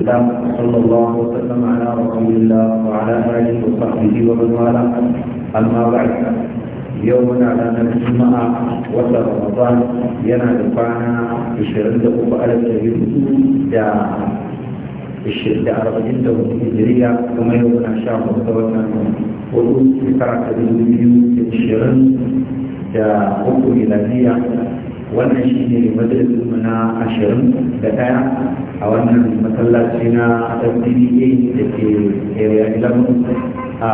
صلى الله وسلم على رسول الله وعلى اله وصحبه ومن والاه اما بعد يومنا على نجمع وسط رمضان ينا دفعنا بشرين دقوق على التهيئ دا الشيخ دا أربعين دقوق هجرية وما يومنا شهر رمضان وقلت في كرة الشيرين دا قوق ميلادية wannan shi ne majalisunmu na ashirin da daya a wannan matsalaci na fda da ke area 11 a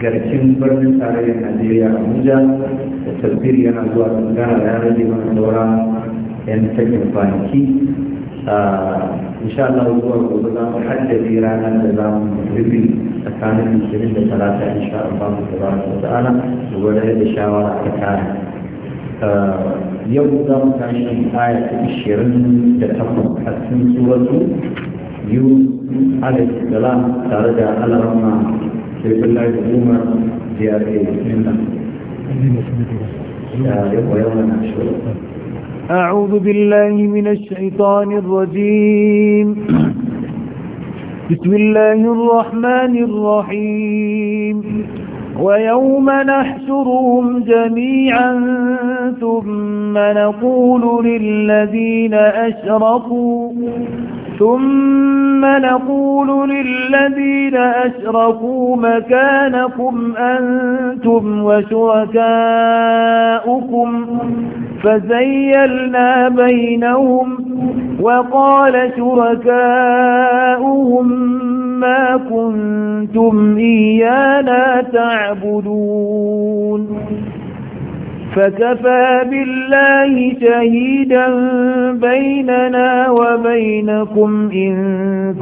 garkin birnin tarayyar najeriya abuja da tasiri yana zuwa sun gana da yanar da mana saura yan sakin kwanaki insha Allah zuwa gobe za mu haddari ranar da za mu rufe tsakanin 20 da 30 insha da ba baraka ta'ala gobe da shawara ta kare yau za mu tashi aya ta ishirin da takwas a cikin suratu yusuf alaihi salam tare da alarama sai billahi da umar ziyara bismillah أعوذ بالله من الشيطان الرجيم بسم الله الرحمن الرحيم ويوم نحشرهم جميعا ثم نقول للذين أشركوا ثم نقول للذين أشركوا مكانكم أنتم وشركاؤكم فزيلنا بينهم وقال شركاؤهم ما كنتم إيانا تعبدون فكفى بالله شهيدا بيننا وبينكم إن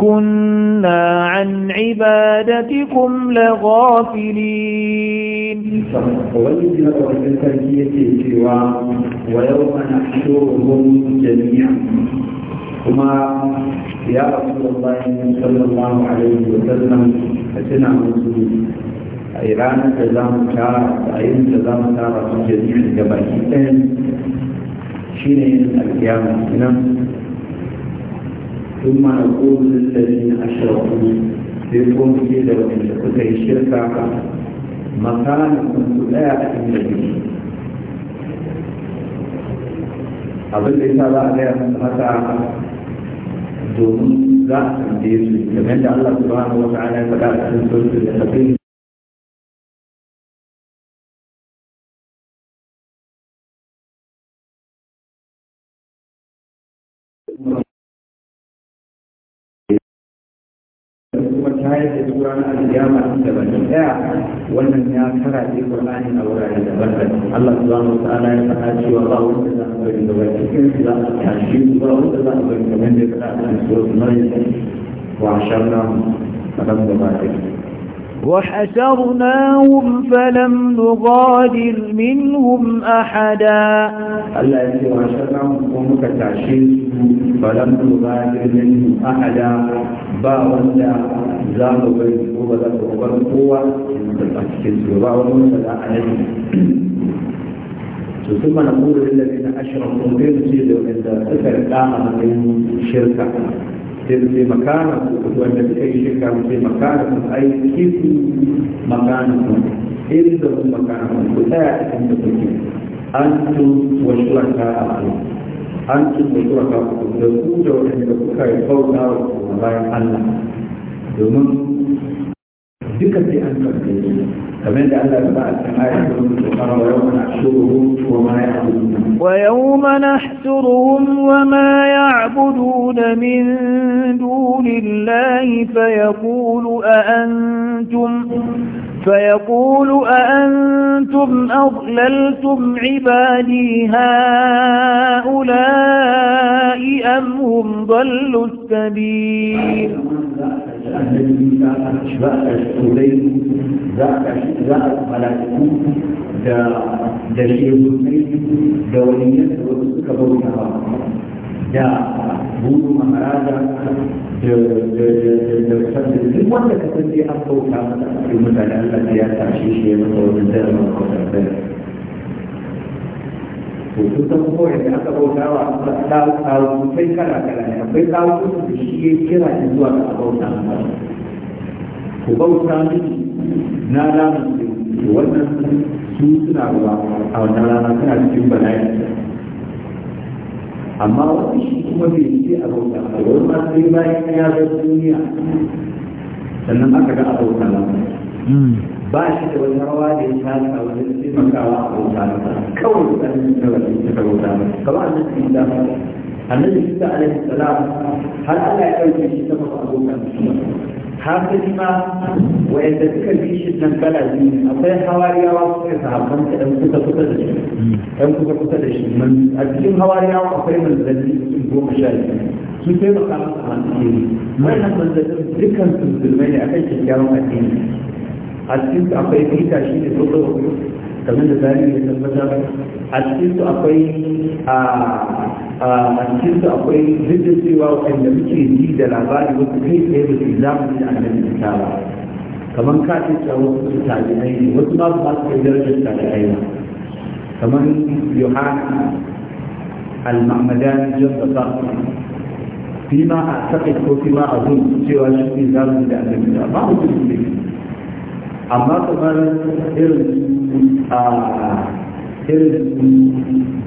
كنا عن عبادتكم لغافلين ويوم نحشرهم جميعا ثم يا رسول الله صلى الله عليه وسلم أتنا مسلمين a yi ranar da za mu tara a yin da za mu tara su jami'in da baki ɗayan shi ne yin alkiyama nan ثم yi للذين أشركوا لكم كده وإن كنت الشركة مكانكم لا يأتون به abin da yasa za a gaya masa domin za a tambaye su kamar da Allah subhanahu wa ta'ala ya faɗa a cikin da al-Fatih da duk ranar alkiyama da baki daya wannan ya kara ce qur'ani a wurare daban-daban Allah subhanahu ta'ala ya faɗa cewa ba wanda za a bari da wani. cikin za a tashi ba wanda za a bari wani da ya faɗa a cikin suratul maryam wa da ba وحشرناهم فلم نغادر منهم أحدا الذي وحشرناهم قومك تعشير فلم نغادر منهم أحدا باولا زاب بيت وبدا وبدا قوة ثم نقول للذين أشركوا تنسي لو أنت تلك الآن من شركة تنسي مكانك wanda suka yi shirka mu ce makanakun ai kisu makanakun inda kun makanakun ku tsaya a cikin da kuke an tun wa shuraka a an tun wa shuraka ku da ku da waɗanda kuka yi bauta wa bayan Allah domin ذكر في أنفة فمن جعل أتباع السماء يحضرون ويوم نحشرهم وما يعبدون ويوم نحشرهم وما يعبدون من دون الله فيقول أأنتم فيقول أأنتم أضللتم عبادي هؤلاء أم هم ضلوا السبيل annabi Isa za a turai za a za a malaiku da da shehunai da wani yadda wasu suka bauta ba da buru maharaja da da duk wanda ka san an bauta masa a cikin mutane Allah ya tashi shi ya zama wajen da to sun da aka bauta wa sai kala kala ne akwai ɗawu da shi ya kira ni zuwa ga a bauta bauta na to wannan su suna ruwa a wannan rana suna cikin bala'i amma wani shi kuma bai ce a bauta a wani ma sai bayan ya zo duniya sannan aka ga a bauta ba shi da wani rawa da ya taka wani taimakawa a bauta masa kawai da ɗan da wani suka bauta masa kamar annabi isa annabi isa alaihi salam har Allah ya ɗauke shi sama ba abokan hafiz ma wa'anda suka bi shi nan kala biyu akwai hawariyawa suka sahabban ta ɗan kusa kusa da shi ɗan kusa kusa da shi a cikin hawariyawa akwai manzanni mutum goma sha biyu sun taimaka masa masu kiri wannan manzannin dukkan su musulmai ne akan kyakkyawan addini a cikin su akwai fita shi ne sosai hudu kamar da zari ne tabbatar a cikin su akwai a cikin su akwai jirgin cewa wanda muke ji da labari wasu kai tsaye da su zamani da annabi ta ba kamar ka ce cewa wasu su tabi'ai ne wasu ma su masu kai darajar ta tabi'ai ba kamar yohana al-mahmadani jabba fima a taƙaiko fima a zuwa cewa shi ne zamani da annabi ta ba mutum ne amma kamar irin a irin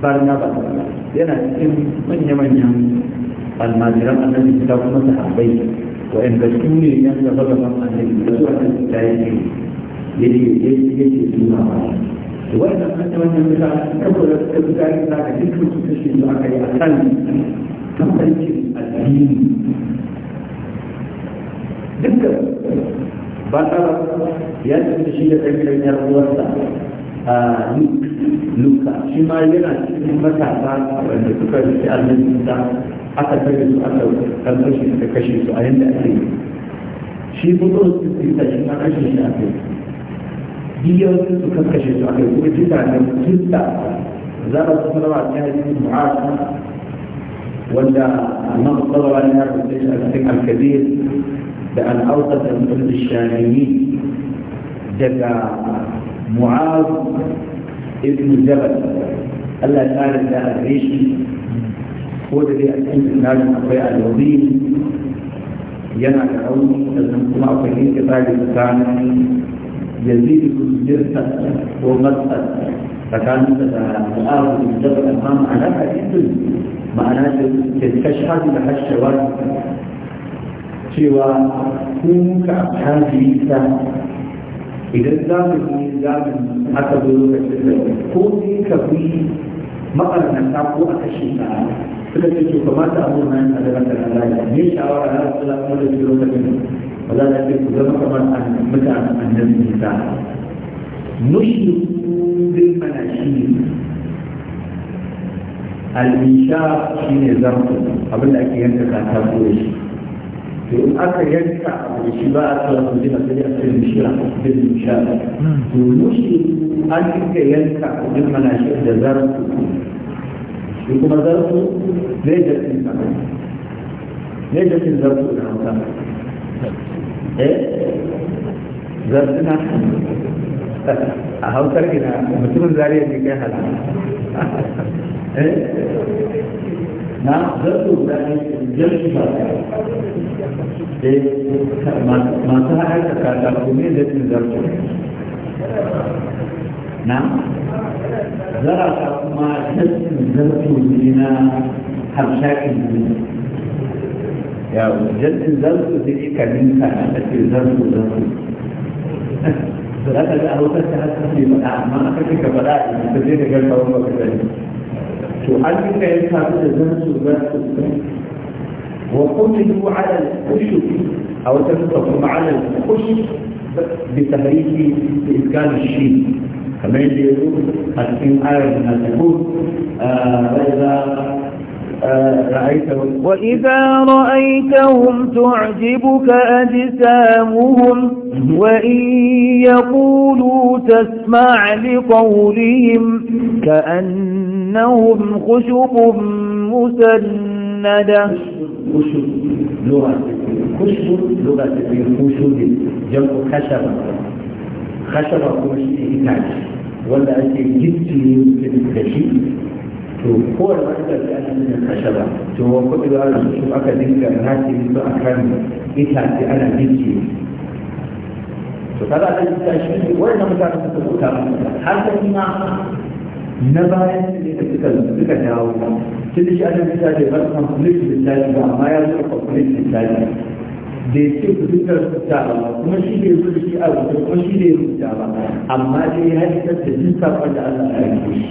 barnaba yana cikin manya-manyan almajiran annabi ta kuma sahabbai da su ne yan gaba gaban annabi da su annabi ta yi ne yake yake suna ba wannan hanyoyin da ta kula da tsari da ka duk da shi da aka yi a kan tafarkin addini duk bakar ya tafi shi da ɗan ɗan yar uwarsa a luka shi ma yana cikin matasa wanda suka rufe annabi ta aka tare su aka kalmar shi suka kashe su a yadda ake yi shi mutum su fita shi ma kashe shi a kai biyar su kan kashe su a kai kuma kisa ne kisa za a su rawa ta yi mu'asa wanda annabi sallallahu alaihi wasallam ya rubuta shi a cikin alkabir بأن أوقف الأمر الشاميين دكا معاذ ابن الجبل الله تعالى لا أعيش هو الذي أكيد الناس أخياء الوظيم ينا العون أن كما أخيين كتاب كان يزيد جرسة ومسأة فكان مثلا معاذ ابن الجبل أمام علاقة ابن معناته تتكشف هذه الحشة cewa ku ka ashabi isa idan za ku yi za aka zo lokacin da ko sai ka bi makarnata ko a kashe ka suka ce to kamata abu na yin adalar da lalata ne shawara na su da kuma da lokacin ba za ta ce ku zama kamar mutanen annabi isa نشرك بالمناشير المنشار شيء زرق قبل أن ينتهي كان تقول shi in aka yanka abu da shi ba a tsara su jina sai a tsara shi a cikin nisha domin shi an cika yanka a cikin manashin da zarar zarafi shi kuma zarafi zai jasin sa zai jasin zarafi da hausa eh zarafi na a hausar gina mutumin zariya ne kai hala eh na zarafi da ne jirgin ba masu haɗar kata kuma da cin zarto na zarata kuma jirgin zarto ne na harshakin ne yawo jirgin zarto da ke kamin ka na ake zarto zarto zaka ga a wutar ta hasa ne faɗa amma aka kika faɗa a yi ta je da garkawa ba ka gani to an yi ka yanka su da zarto zarto وقتلوا على الخشب أو تنطقهم على الخشب بتهريج بإسكان الشيب كما يقول أسكن آية من الزبور آه، واذا آه، رأيتهم وإذا رأيتهم تعجبك أجسامهم وإن يقولوا تسمع لقولهم كأنهم خشب مسلم مسندا خشب لغة خشب لغة خشب جمع خشبة خشبة kuma shi ne itace wanda ake gicciye da shi to kowane wanda da ake nuna khashaba to wa kuɗi da ana su aka dinga nasi su a kan itace ana gicciye to kaza da itace shi ne wannan suka kuta har na bayan su ne da suka suka dawo tun da shi ana bisa da bar ba amma ya zo conflict misali da ya ce ku duka rubuta ba kuma shi da ya shi a rubuta kuma shi da ya rubuta ba amma da ya haifar da jin sakon da Allah ya yi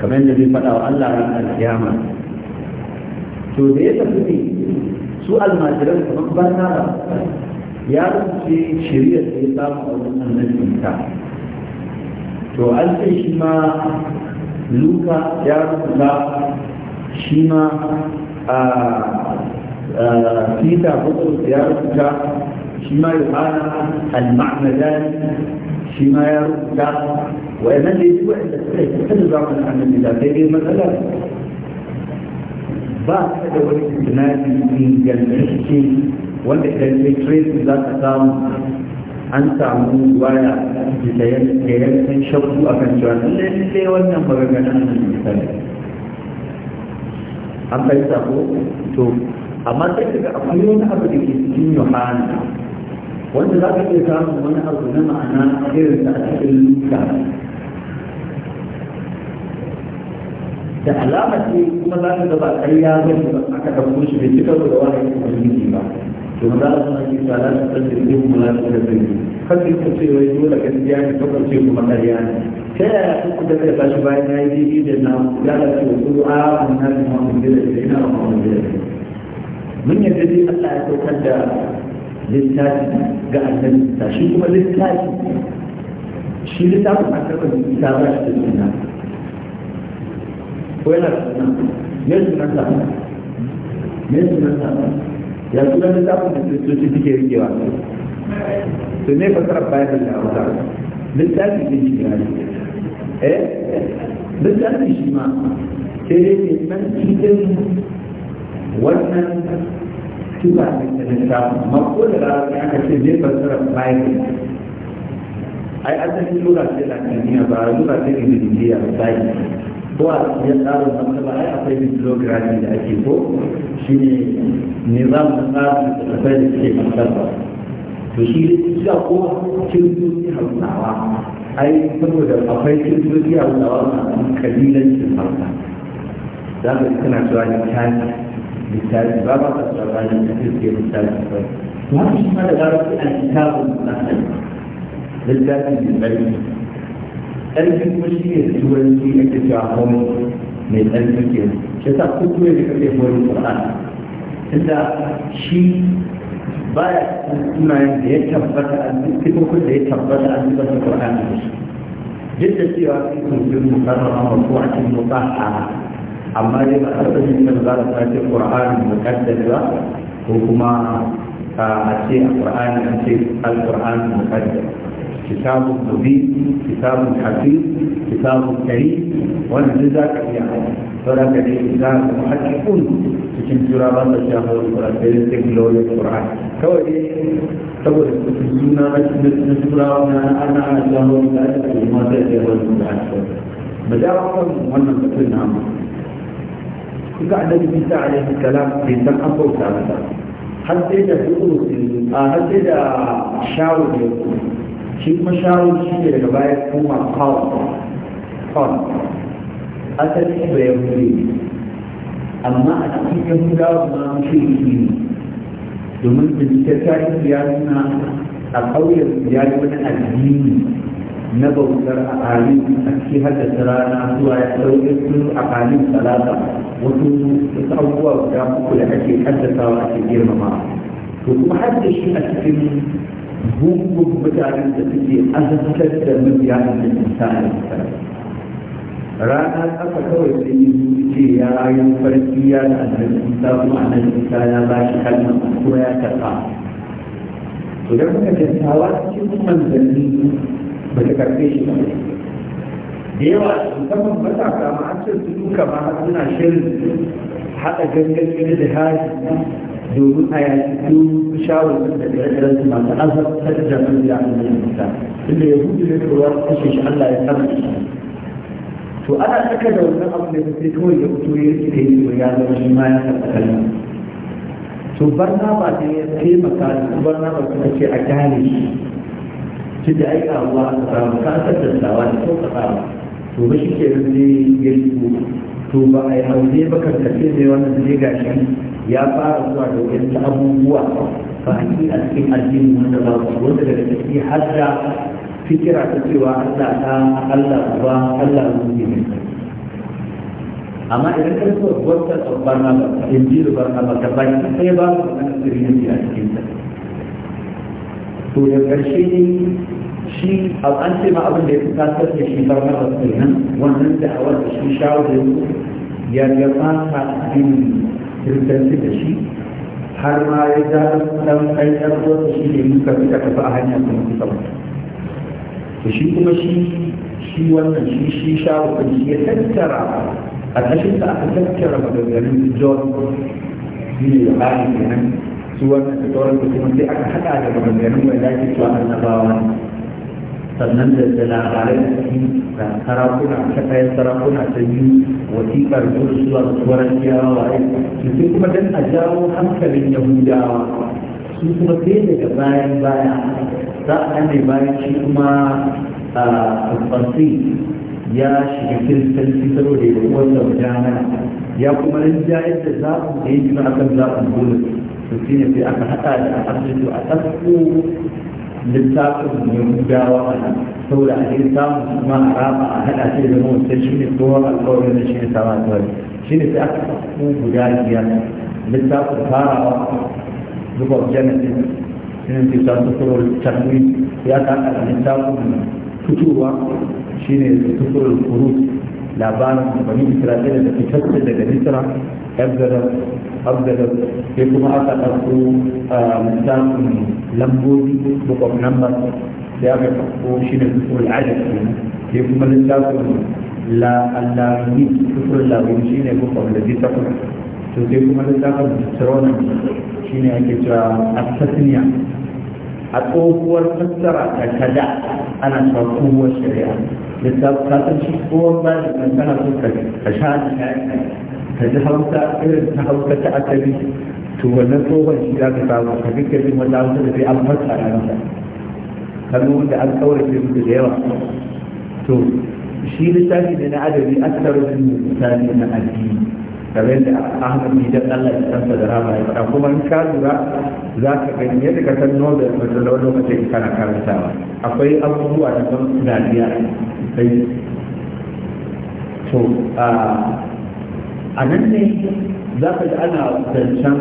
kamar yadda zai faɗa wa Allah ran alkiyama to da ya tafi ne su almajiran kamar ba na ba ya rubuce shirya da ya samu a wurin annabi ta to an sai shi ma luka ya rubuta shi ma a peter bukus ya rubuta shi ma hana al-ma'amadani shi ma ya rubuta wa'annan da ya ci wa'anda suka yi kusa da zamanin annabi da sai yi matsala ba ta da wani tunani ingantacce wanda ɗan ya trace za ka samu an samu waya da yankan shakku a kan cewa lallai wannan magaganan nan misali an kai sako to amma sai daga akwai wani abu da ke cikin yohana wanda za ka iya samun wani abu na ma'ana irin da a cikin luka da alama ce kuma za ka gaba ƙarya zai aka ɗauko shi bai cika da wani yi ba domin za a suna kisa za da san jirgin mu na su da jirgi kan su ku ce wai dole gaskiya ne ko kan ce kuma makariya ne ta yaya su ku da kai bashi bayan ya yi daidai da na ya da ce ku a mun na da mamun da da ina da mamun da mun yadda dai Allah ya saukar da littafi ga annabi ta shi kuma littafi shi littafin an karɓa da ita ba shi da suna ko yana suna ne suna sa ne suna sa yanzu da littafin da kristoci suke rikewa to ne fasarar bayan da hausa littafi din shi ne eh littafi shi ma sai dai ne san cikin wannan tuba da littafin amma ko da rarrafi aka ce ne fasarar bayan ai asalin lura ce latiniya ba lura ce ne da indiya ya bayan ko a cikin tsarin martaba ai akwai bibliography da ake ko shi ne nizam na tsarin da kafai da ke martaba to shi da ko kirkiri hausawa ai saboda akwai kirkiri hausawa na kabilancin hausa za ka kana cewa littafi littafi ba ba ka cewa ranar da kirkiri littafi ba to shi ma da larabci a littafin na littafi da tsarki ƙarfi kuma shi ne turanci na ke cewa home mai ƙarfi ke shi sa kuma da kake koyon Qur'an tunda shi baya sunayen da ya tabbata a cikin da ya tabbata a cikin Qur'an da shi duk da cewa cikin sun mukarrama ko a cikin mutahara amma dai ba a sanin da za ta ce Qur'an mukaddas ba ko kuma a ce a Qur'ani a ce al-Qur'an mukaddas كتاب مبين كتاب حكيم كتاب كريم وانا جزاك يعني فلك دي إذا محققون cikin turawa da shafar kurafin teknologi ƙura'an kawai dai saboda suna na turawa na ana ana shafar da ake kalima da ya wani da ake ba da kan wannan batun na amma kuka annabi isa alaihi salam bai san an a da shawo da shi kuma shawo shi ne daga baya kuma kawai kawai asali ba ya kure amma a cikin yahudawa ma mushriki ne domin bincike tarihi ya nuna a ƙauyen ya yi wani addini na bautar a alin a cikin haddasa rana zuwa ya ɗauke su a alin talata wasu wasu abubuwa guda uku da ake haddasawa ake girmama to kuma haddashi a cikin gungun mutanen da suke azabtar da mutanen da isa ranar aka kawai sai yi ce ya rayu farki ya da annabi isa kuma annabi isa ya ba shi kalmar kuma ya karɓa to da muka tattawa cikin manzanni ba ta karɓe shi ba da yawa musamman matasa ma an ce su duka ma suna shirin haɗa gangan da hajji domin a yakin shawarar da ɗaya su masu azabtar da da amurka inda ya hudu da kowa ta shi allah ya shi to ana saka da wannan abu da sai kawai ya fito ya yi da yi ya zama shi ma ya saka kalma to barna ba ne ya taimaka da barna ba suka ce a gane shi shi da aika ruwa a samu kasar da tsawa da sauƙaƙa to ba shi ke rinne ya yi to ba a yi haure ba kan tafiye da wannan zai gashi ya fara zuwa da wasu abubuwa ba a cikin addini wanda ba su wanda daga ciki har da fikira ta cewa Allah ta Allah ba Allah ruhi ne amma idan ka so wata babbar na ba injil ba na ba ba sai ba su nan sirrin a cikin ta to da karshe ne shi an ce ma abin da ya fitar da shi ba na ba kenan wannan da awar da shi shawo da ya ya fata addini kirkanci da shi har ma ya ja ɗan ɗan ko da shi ne muka fi ƙasa a hanyar ta mutu sama to shi kuma shi shi wannan shi shi shawo kan shi ya tattara a ƙashin da aka tattara maganganun john ne da bayan kenan su wannan da tsoron da kuma sai aka haɗa da maganganun wanda ake cewa annabawa ne sannan da labarai su da sarakuna ta kayan sarakuna ta yi wasiƙar gudu zuwa tsoron yawa su sai kuma don a jawo hankalin yahudawa su kuma sai daga bayan baya za a ne bayan shi kuma a kwanci ya shiga kiristanci saboda ya wanda mujamana ya kuma rinjayar da zaɓin da ya gina akan zaɓin gudu su sai aka haɗa da a asibiti a ɗasko littafin ne gudawa a nan saboda a cikin samun su kuma a raba a haɗa shi da mun sai shi ne a kawai da shi ne sama da wani shi ne sai aka kasu guda biyar littafin farawa zuba janatin shi ne su kuro tanwi ya ta aka littafin fitowa shi ne su kuro kuro labarin bani isra'ila da fitarsa daga misra abdala sai kuma aka ɗauko misalin lambobi book of numbers sai aka ɗauko shi ne kufurul adad sai kuma littafin la'allami kufurul labin shi ne book of leviticus to sai kuma littafin deuteronomy shi ne ake cewa assassinia a tsohuwar fassara ta kada ana cewa kowar shari'a مثل خاطر شي فور ما من كان فوق عشان هذا هو تاثير هو تاثير تو نفسه هو شيء ذاك تاو كيف كيف ما لازم في المسعى هذا كانوا عند الكور في الديوا تو الشيء الثاني اللي انا ادري اكثر من الثاني من الدين kamar da ahmad ne dan Allah ya san da rama ya fara kuma in ka lura za ka gani yadda ka san nobel ka lokacin kana karantawa akwai abubuwa da ban dariya sai to a nan ne za ka ji ana zancen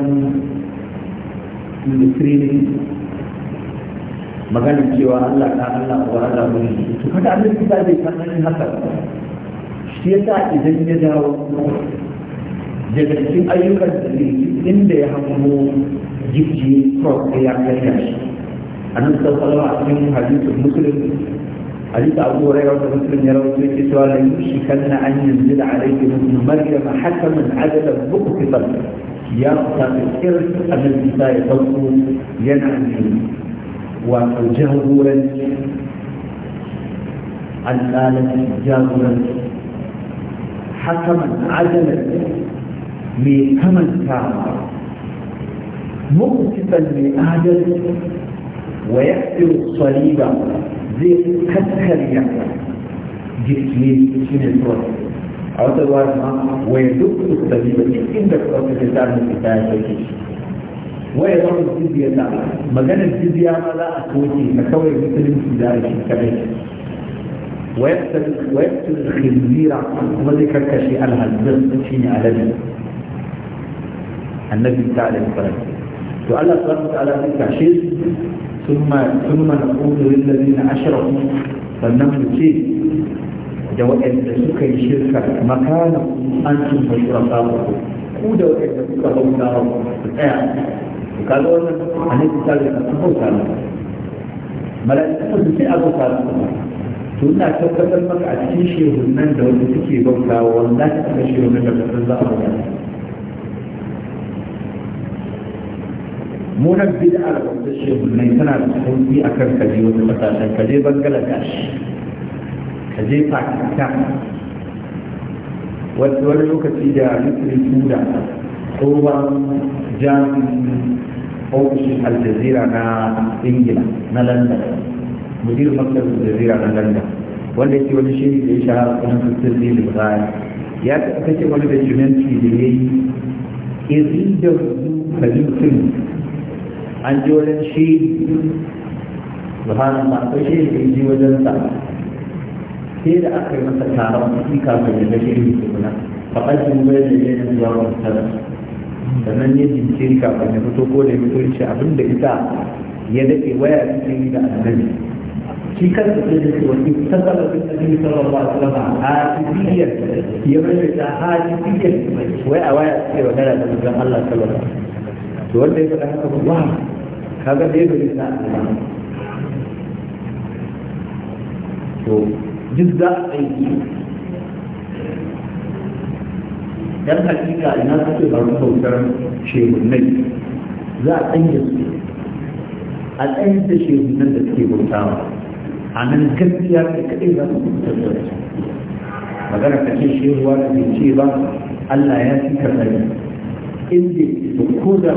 industry maganin cewa Allah ka Allah ko Allah ne to kada Allah ya zai san haka shi yasa idan ya dawo daga cikin ayyukan da ne inda ya hango gifji cross ya karya shi a nan sauƙalwa a cikin hadisin musulun حديث أبو هريرة مسلم يروي في الكتاب لا يوشكن أن ينزل عليك ابن مريم حكما عدلا مقسطا يقطع الإرث الذي لا يصوت ينعم وجهورا الآلة جاورا حكما عدلا mai kamanta muktifan mai adalci wa ya saliba zai kakkarya jiki shi ne tsoro a wata ruwa ma wa ya duk saliba cikin da kawai da tsarin da ta yi shi waya za mu jizya ta maganar jizya ma za a soke na kawai musulunci da shi kadai wayar da khinzira kuma zai karkashe alhazzar shi ne alabi annabi ta alaihi salam to Allah subhanahu wa ta'ala zai kashe su thumma thumma na lil na ashirin, sannan mu ce da waɗanda suka yi shirka makana an tun ba shuraka ku ku da waɗanda suka bauta ku tsaya ku kaga wannan annabi ta alaihi salam bauta ne mala'ikatu sai a bauta ne suna tabbatar maka a cikin shehunan da wanda suke bauta wanda ta shiga shehunan da kasar za a bauta mu nan bid'a da kwamfutar shehunai tana da sauki a kan kaje wata kasashen kaje bangladesh kaje pakistan wani lokaci da litiri da tsohon jami'in ofishin aljazira na ingila na london mudir makar aljazira na london wanda yake wani shiri da ya shahara sunan fitar zilin bayan ya ta kake wani da da ya yi irin da kalimtin an ji wajen shi subhanan ba akwai shi da ji wajen sa sai da aka yi masa taron kuɗi kafin ya gashi da tukuna faɗa jin bai da yayin zuwa wani tara sannan ya jinkiri kafin ya fito ko da ya fito ya abin da ita ya daɗe waya cikin da annabi في a وفي سبب النبي صلى الله عليه وسلم waya يبرز عاطفيا واوعى ولا الله صلى الله عليه وسلم السؤال ليس لك الله هذا ليس لك الله جزء أيضا يبقى في كائنات في غرفة وكرة شيء مني ذا أنجز الأنجز شيء مني في غرفة عن الكثير كئيبا مجرد كثير شيء هو الذي يشيبه ألا يأتي كثير inda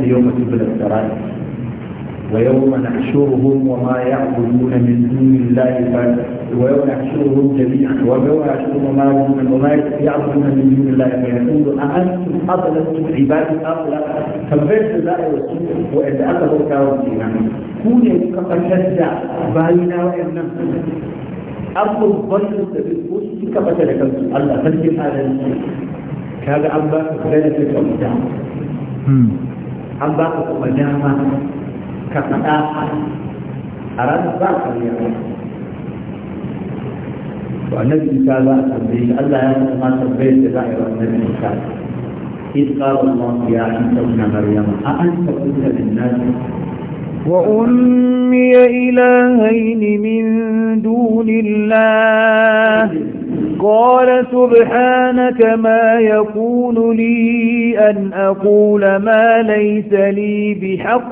ko ويوم نحشرهم وما يعبدون من دون الله ويوم نحشرهم جميعا ويوم نحشرهم وما يعبدون من دون الله فيقول أأنتم أضللتم عبادي أم لا فبيت الله والسوء وإذ أخذوا كاوتينا كوني كفشد بيننا وبينهم abun basu da ko suka bata da kansu Allah sarkin adalci kaga an ba ka ta of doubt an ba ka kuma dama ka faɗa a ranar ba ka riya to annabi isa ba a tambaye Allah ya san ma tambayar da za a yi wa annabi إذ قال الله يا عيسى ابن مريم أأنت قلت للناس وأمي إلهين من دون الله قال سبحانك ما يكون لي أن أقول ما ليس لي بحق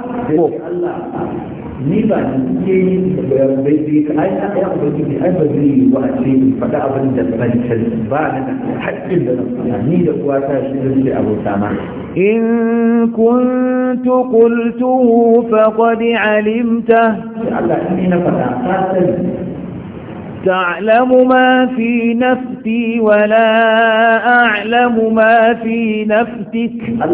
ni ba ni ke yin bai bai ka ai aka yi abin da ai ba zai yi wa ce ni faɗa abin da ban ba na haƙƙin da na ni da kuwa ta shi zai abota ma إن كنت قلته فقد علمته تعلم ما في نفسي ولا أعلم ما في نفسك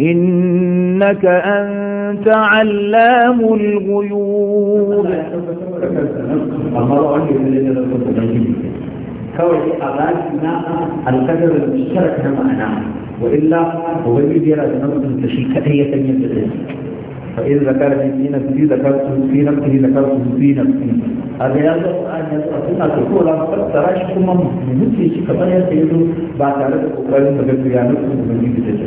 إنك أنت علام الغيوب kawai a baki na alkadarin shara ta ma'ana wa illa ubangiji yana da nafsin da shi kadai ya san yadda zai fa in na fi nafsi zakartu fi nafsi zakartu fi nafsi a ga yanzu an yanzu a suna ta ko ran fassara shi kuma mutum shi kamar yadda ya zo ba tare da kokarin da gaskiya nafsin ubangiji ta ce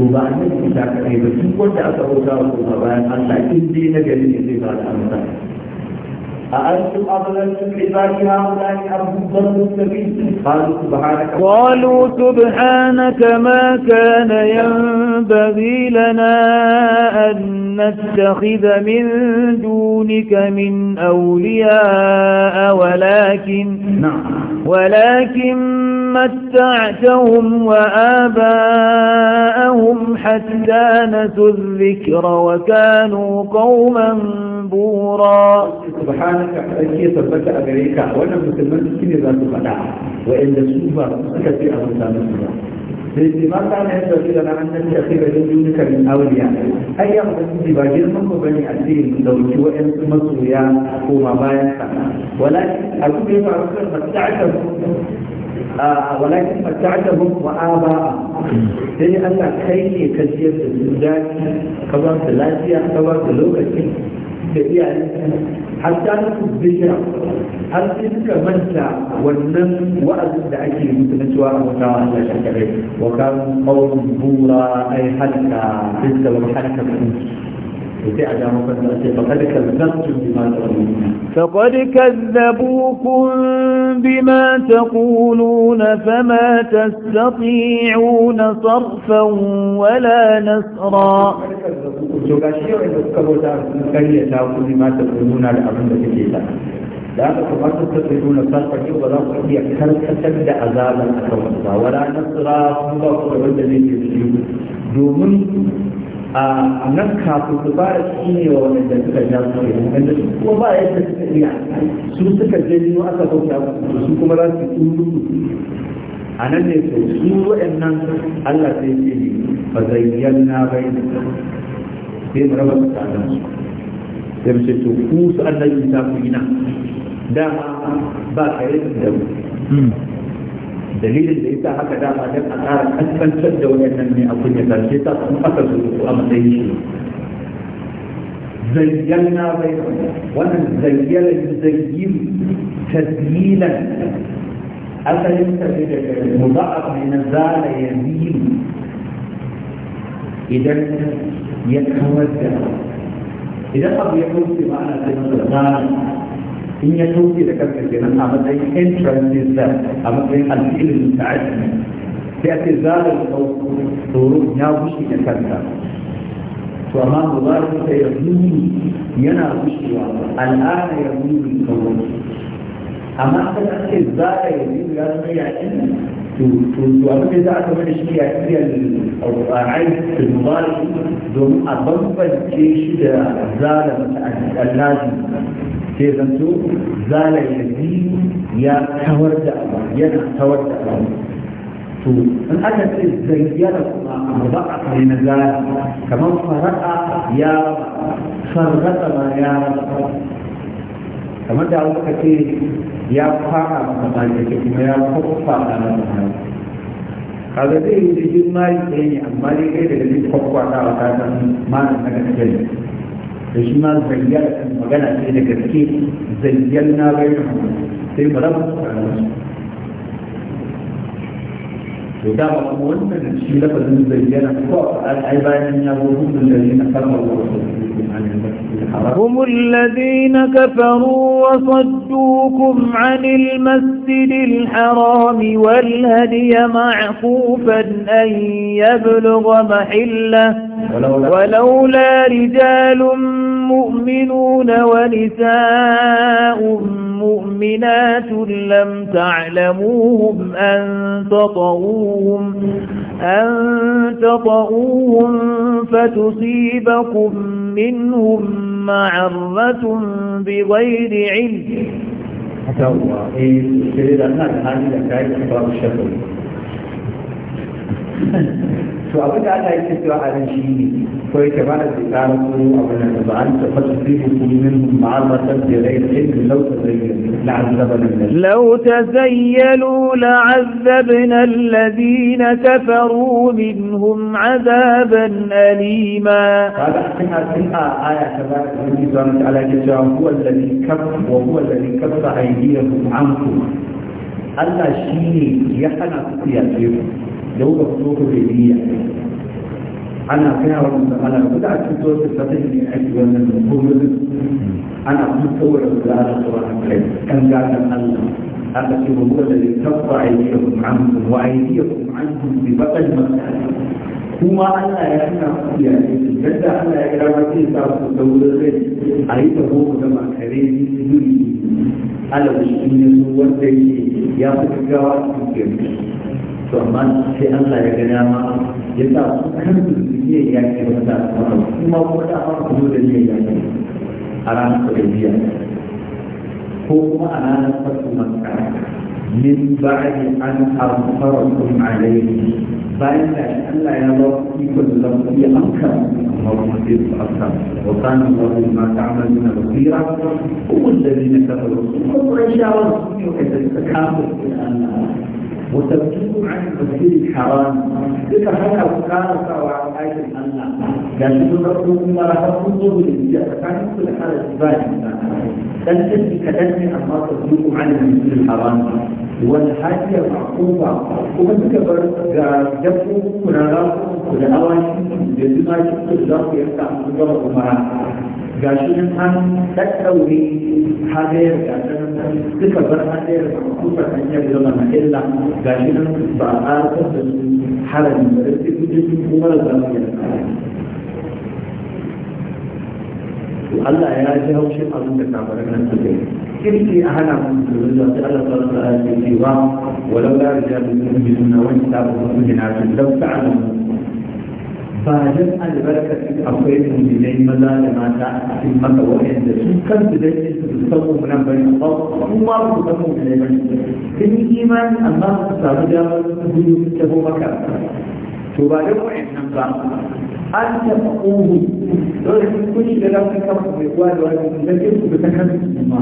to ba a nan ita kaɗai ba duk wanda aka bauta wa kuma bayan Allah in dai na gari ne zai ba da amsa أأنتم أضللتم عبادي هؤلاء أم هم ضلوا السبيل قالوا سبحانك قالوا سبحانك ما كان ينبغي لنا أن نتخذ من دونك من أولياء ولكن نعم ولكن متعتهم وآباءهم حتى نسوا الذكر وكانوا قوما بورا سبحان ka ɗauke tabbata a gare ka wannan musulman su ne za su faɗa wa su ba suka ce abin da su ba Sai yake ma ta ne da shi da nan nan ta ce gari duk duka min awliya ai ya ku ji ba girman ba bane a cikin dauki wa in su masoya ko ma bayan ka walakin a ku yi fa ku ba ta ta ku a walakin ba ta ta ku wa aba sai Allah kai ne ka ji da su dai ka ba su lafiya ka ba su lokaci حتى نكون ذكر هل في ذكر والنم وأذن دعيه متنسوا وكان لا بورا أي حلقة بنت وحلقة فقد فقد كذبوكم بما تقولون فما تستطيعون صرفا ولا نصرا to ga shi yawan da suka bauta sun karya ta ku ma ta nuna da abin da suke ta da aka kuma su ta sai nuna sarfakin ba za ku iya karkatar da azaban a kan wasu ba wala tsira sun ba ku da wanda zai ke su domin a nan kafin su fara shine wa da suka ja su nan da su kuma ba ya yadda suka iya su suka janyo aka bauta su kuma za su tsuru a nan ne su nan Allah sai ce ba zayyan na bai sai mu raba tsakanin su sai mu ce to ku su annabi ta ku ina dama ba ka yi da mu hmm. dalilin da ya sa haka dama don a tsara kaskantar da wannan ne a kunya ƙarshe ta sun aka zo a matsayin shi zayyan na bai wannan zayyan zayyan tadilan asalin ta ne da mu ba a kuma yana zala ya biyu idan ya kawar da idan abu ya kauce ba ana ce masa zara in ya kauce da kanka kenan a matsayin entrance da a matsayin alfilin ta'addi sai a ce zara da tsoro ya bushe da kanka to amma mubarak ta yazuni yana bushewa al'ada yazuni kawai amma kada ce ya وأبدا إذا أتوا من شيء هي العين في المضارع دون أبدا شيء زال اللازم sai zanto zala ya biyu ya kawar da abu yana kawar da abu to in aka ce zayyana kuma abu ba a kai na zala kamar fara'a ya farrata ma ya kamar da aka ce ya fara masa mali da kuma ya kwakwata masa mali kaga zai yi jirgin mai ɗaya ne amma dai kai daga zai kwakwata wa ta san malin na gaske ne da shi ma zayyar magana ce da gaske zayyar na bayan sai mu raba su وكما هم الذين كفروا وصدوكم عن المسجد الحرام والهدي معفوفا أن يبلغ محله ولولا رجال مؤمنون ونساء مؤمنات لم تعلموهم أن تطعوهم, أن تطعوهم فتصيبكم منهم معرة بغير علم to abin da Allah yake cewa a nan shi ne ko yake ba da tsara ko abin da ba an tabbata fi hukumin ma'amatan da rai ilmi law tazayyalu la'azzabana law tazayyalu la'azzabna alladhina kafaru minhum azaban alima kaga cikin cikin aya ta ba da wani zuwa ta Allah yake cewa huwa alladhi kafa wa huwa alladhi kafa aydiyakum ankum Allah shi ne ya hana ku yaƙe ku Dauka kuka fito ku bai biya ana kaya wa musu ana kuka a cikin sosu sanin ne ake wannan ana kuma tsawar da ala tsoron kai kan gatan allah haka ce ba kuka da zai tabba a yi yakun ankum wa a yi yakun kuma allah ya nuna ku ya ce yadda allah ya kira ma ce sa ku saurin rai a yi ta goma da makare zuri wanda ya fi gaggawa cikin to amma sai Allah ya gani dama ya sa su kansu su ya yaƙi wata da kuma kuma kuma da amma ku da ya yaƙi a ranar Hudaybiya ko kuma a ranar Fatu Makka min ba'di an arfarakum alayhi bayan da Allah ya ba ku iko da zama iya amka amma kuma sai ku amka wa kana Allahu ma ta'maluna basira ko alladhina kafaru ko qurayshawa su ne wa'ada kafaru Allah وتبكيه عن المسجد الحرام لك هذا وكان وعن آية الله لكن ربكم ما رفضوا للجاء كان كل هذا الزبان تنسل كلمة أما تبكيهم عن المسجد الحرام والحاجة معقوبة ومن كبر جبوا كنا رافضوا كنا أواشي لذلك الزرق يفتح مجرد مرة ga shi nan an tattaure hadayar ga ta nan duka bar hadayar kusa hanyar zama na illa ga shi nan ba a ƙarfar da su harami ba da su kujin kuma da za su yi Allah ya ji haushin abin da kafar nan su kai kirki a hana mun da zai Allah ta rasa ya ce wa walau la rijalu min dunna wa kitabu min dunna lam ta'lamu ba don albarkacin akwai mummilai maza da mata a cikin maka waɗanda su kansu don yin su san mummunan bane amma kuma ba su san mummunai bane sun yi imani amma su samu damar gudu ta ko maka to ba don waɗannan ba an taɓa ƙuhu dole sun kuni da rafi kama mai kuwa da wani zai ku ta kan su ma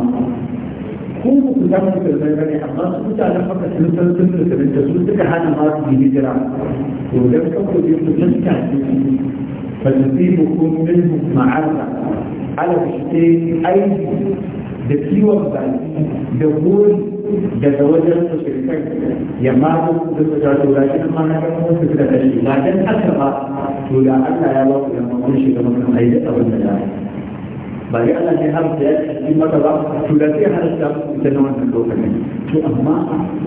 mu hukunta mu musulmai bane amma su mutanen maka sun san sun musulunta su suka hana ma su yi hijira to dan kawai dai ku tanta فتصيبكم منهم معرة على الشيء أي da kiwon baki da gori daga wajen mushrikai ya ma da su ta tura shi kuma na kan wasu da kashi ba dan haka ba to da Allah ya ba ku da mun shiga mun aiki abin da za ba ya Allah ne haramta ya yi maka ba to da sai haramta ita na wannan lokacin to amma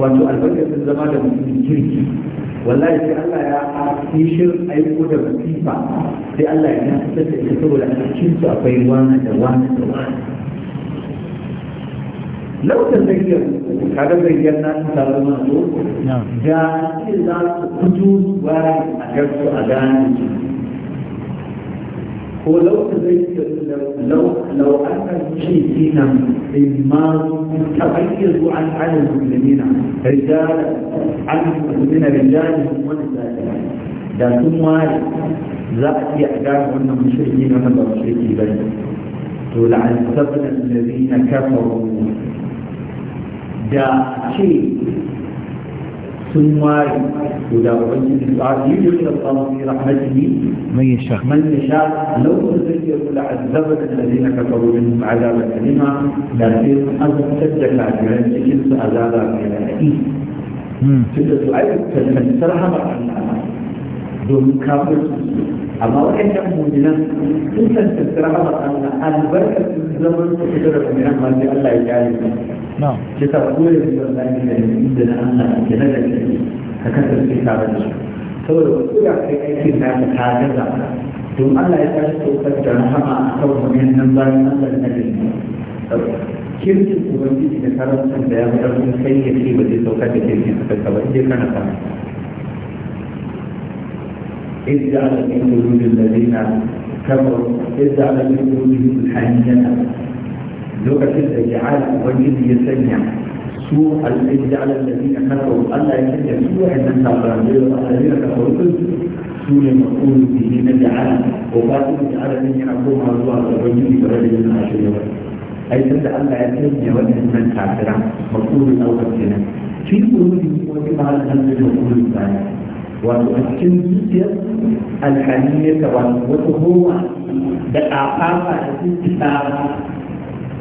wato albarkacin zama da mutumin kirki wallahi sai Allah ya yi shirin aiko da masifa sai Allah ya kasance da ita saboda a cikin su akwai wani da wani da wani lokacin da ke kada da yan na tare da su da za su fito wani a gasu a gane ولو لو لو ان المشركين مما تميزوا عن عن المسلمين رجالا عن المسلمين رجالا ونساء da sun ware za a iya gane wannan mushriki na wannan ba mushriki ba ne to la'azzabna allazina kafaru da ce sun ware to da ubangiji ba yi yi da tsawon fi man man azaba da sai sun azabtar da kafiran cikin su azaba mai raɗi hmm. tunda su domin amma waɗannan mujinan sun san tattara rahama Allah albarkar zaman su fito da mujinan ma sai Allah ya kare su shi ta dole su yi wannan da inda na Allah ke na da ka kasance tare da su saboda wasu ya kai aikin da ka gaza don Allah ya tashi saukar da rahama a kan mujinan bayan Allah na da kirkin ubangiji da karantar da ya fi ƙarfin kai ya ce ba zai saukar da kirkin a kanka ba inda kana kama إذ جعل في قلوب الذين كفروا إذ جعل في قلوبهم الحنية لغة الجعال وجد يسمع سوء إذ جعل الذين كفروا ألا يسمع سوء أن تقرأ الذين كفروا سوء مقول به نجعل وقاتل جعل من يعقوم على الله وجد برجل من عشرة أي تند ألا يسمع وإن من تعترى مقول الأول كنا في قلوبهم وجب على الأمر القلوب الثانية wato a cikin zuciyar alhaniyarka wato wata howa da ƙafafa da zuciya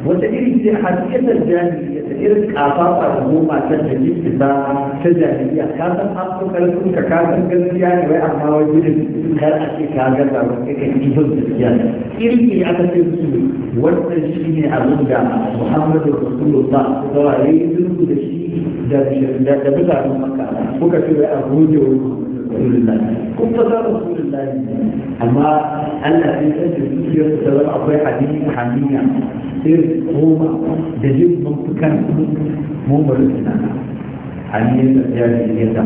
wata irin ce hasiyar jahiliya da irin ƙafafa da goma ta da zuciya ta jahiliya ka san an karfin ka ka san gaskiya ne wai amma wai gudun kar a ce ka ga ba wai kai kan irin ne aka ce su wannan shine abin da Muhammadu Rasulullah sallallahu alaihi wasallam da shi da da mutanen Makka kuka ce wai a gode wa رسول الله كنت رسول الله أما أنا في سجل في سجل أبوي حديث حمية سير هما دجيب منطقة مو مرسنا حمية جاهلية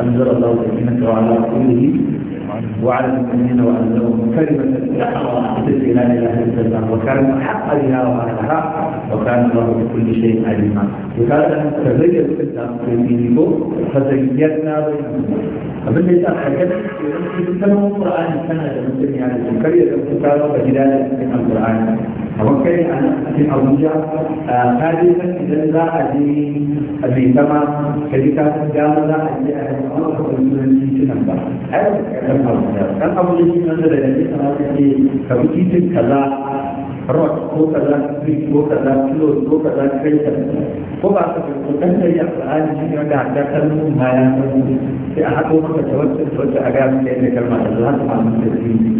أنزل الله سكينته على رسوله وعلى المؤمنين وأنزلهم كلمة الحق إلى إله إلا الله وكان حقا لها وأهلها وكان الله بكل شيء عليما وكان تزين الاسلام في دينه فزينا abin da yasa kakan kan Qur'ani kana da mutum ya da kar ya dauki karo ga gida da cikin Qur'ani amma a cikin Abuja ka je kan idan za a je a bai sama ka ji ka san za a je a yi amma ka san titunan ba ai kan Abuja kan Abuja shi nan da da ke sama ka bi titin kaza rod ko kaza street ko kaza floor ko kaza crescent ko ba ka ga ko kan sai ya alƙur'ani shi wanda hadda kalmomin ma ya san sai a haɗo maka da wacce ta wacce a ga mun da kalma da za su samu da shi ne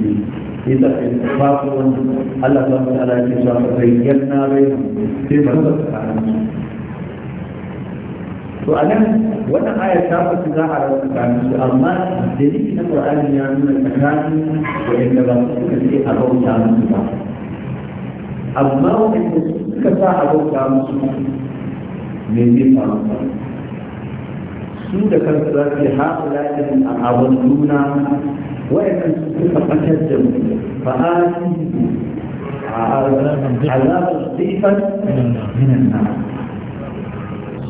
yasa sai ba ku wanda Allah subhanahu wa ta'ala ya ce wa bayyana bainahum sai ba ta tsakanin to a nan wannan aya ta fasu za a rasu tsakanin su amma dalili na qur'ani ya nuna tsakanin wa'anda ba su suka ce a bauta musu ba amma wanda suka sa a bauta musu me zai samu su da kansu za su yi haɗu lafiyan a abin nuna wayannan suka fatar da mu fa'ati azabar sifan minan na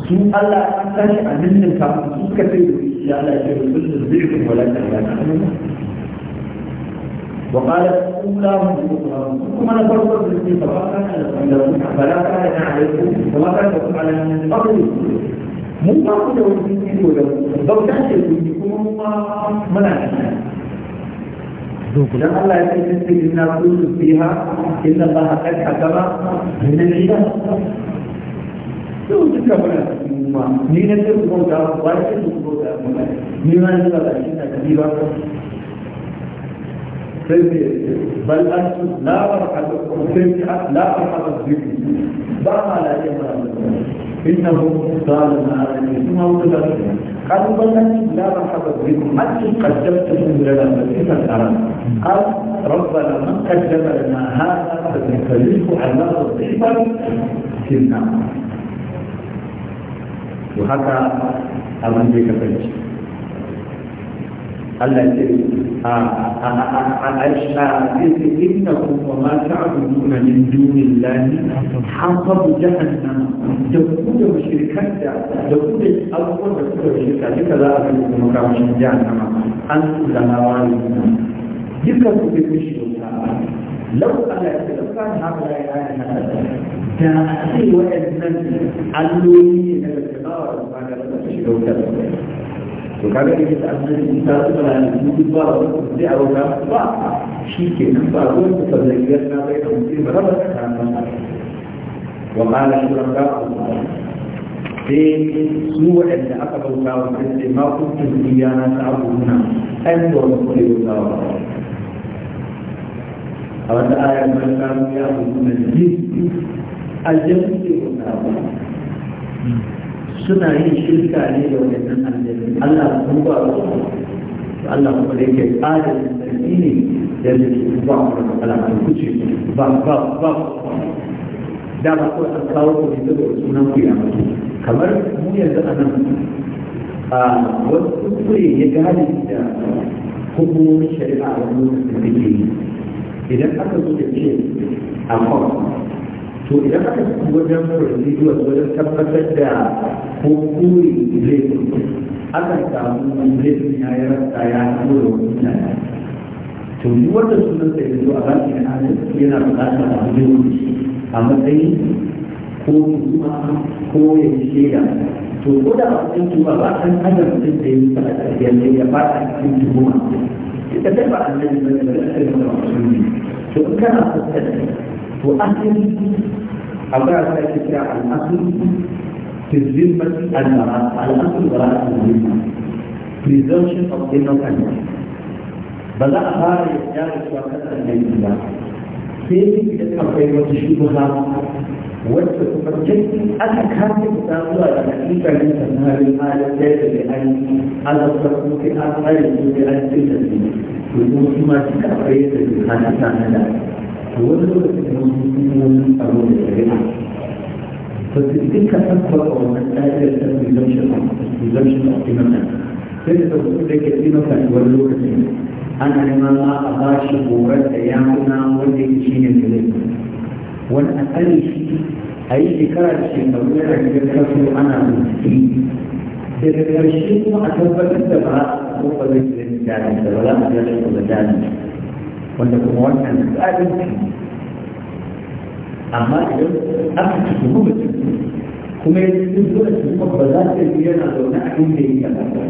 su Allah an tashi a ninnin kafin suka sai da ya lafiya da zirgin walatar lafiya وقالت أولى من الأخرى ثم نفرت بالتي فما كان لكم فما كان لكم على من الأرض مو ما لما لا يكتب لنا كل فيها إلا الله قد حكم من الحياة لو تكتب لنا من الحياة من الحياة من الحياة من الحياة من الحياة بل أنتم لا أرحب لا أرحب بكم بما لا يمنع إنه قال ما ثم أوصل قال بل أنتم لا أرحب بكم أنتم قدمتم لنا مسيح الأرض قال ربنا من قدم لنا هذا فلنكلفه عذاب ضعفا في النار وهكذا أمن بك فنشر Allah ya ce a innakum wa ma ta'buduna min dunillahi hasabu jahannam da ku da mushrikan da da ku da abubuwan da kuka shirka duka za a ga kuma kamashin jahannama an su da hawa ne duka ku bi mushrika لو أنا كان هؤلاء كان أحسن وإذن أنه من الكبار وأنا لم أشهد to kaga da yake an san ta su kana ne duk ba da a wuta ba shi ke nan ba ruwan da fadaliyar na bai da mutum ba ba ta nan wa qala shuraka sai su waɗanda aka bauta wa kan sai ma kuntum iyana ta'buduna an wa kullu yawma a wata ayar man kanu ya abu na jin aljannu ke wata suna yin shirka ne da wannan aljanu Allah ku ba su. Allah kuma da yake tsarin sarki ne da yake ba ku da kalaman kuce ba ba ba da ba ku an kawo ku ne da sunan ku ya mutu kamar mu yanzu a nan a wasu kuskure ya gane da hukumomin shari'a a wani lokacin da ke idan aka zo da ce a kwan to idan aka ci wajen procedure wajen tabbatar da hukuri laifin aka samu ya yi rasta ya hannu da wani to duk wanda sunan sai yanzu a baki na hannun yana bukatar a hujjoji a matsayi ko kuma ko ya yi shaida to ko da a cikin tuba ba a san mutum da yi ba a cikin ya ba a cikin tuhuma ita kai ba a da ba a cikin to kana to asali akwai abin da ake kira al'asul tizimmati al ba al'asul marat al presumption of innocence ba za a fara yadda da cewa kasar da yi ba sai ne da kafai wata shugaba wacce kuma cikin aka ku ta zuwa da hakikalin sanarin halin da ya da an azabtar ko sai an tsare ko sai an cinta su to kuma shi ma shi kafai da su ta na da تولوا المسلمون أمر الجميع فتلك فتوى ومسائل الريزمشن أوف إمامنا sai da su da ke tsino kan wani lokaci ana neman ma a ba shi gobar da yakuna wanda yake shi ne da zai wani a tsare shi a yi shekara da shekaru yana gidan kasu ana bincike daga ƙarshe kuma a tabbatar da ba a kuma ba zai da ba za a biya shi kuma jami'a wanda kuma wannan zalunci amma idan aka ci mutum kuma yanzu zo da su ba za ta yi yana zaune a inda yake ba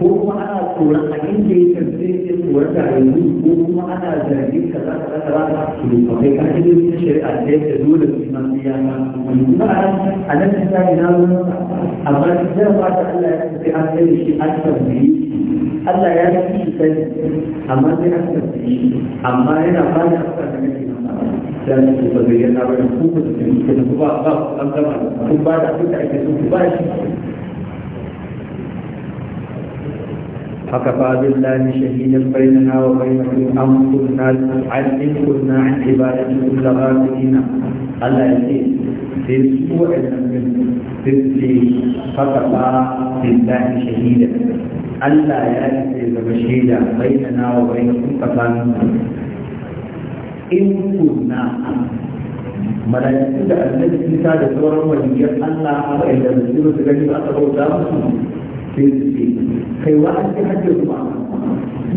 ko kuma ana tsoron a inda yake sai yi tsoron da yanzu ko kuma ana zargin ka za ka za ka za su ba kai ka ji da shari'a da yake dole su ma su yi ma kuma a nan ta yi na zo amma da ba ta Allah ya ce an sai shi an tambaye Allah ya fi shi sani amma sai na kuma su yi amma yana ba da haka da nake da na ke ba zai yana wani kuma da su ke da ba ba an gama kun ba da abin da ake so ba shi فكفى بالله شهيدا بيننا وبينكم أن كنا عن إن كنا عن عبادتكم لغافلين الله يزيد sai su waɗannan din sai fakafa billahi shahida Allah ya ce zama shaida bainana wa bainakum tsakanin in kunna malaiku da annabi Isa da sauran waliyan Allah wa'anda da su su gani aka bauta musu sai su ce kai wa an ji hajjar kuma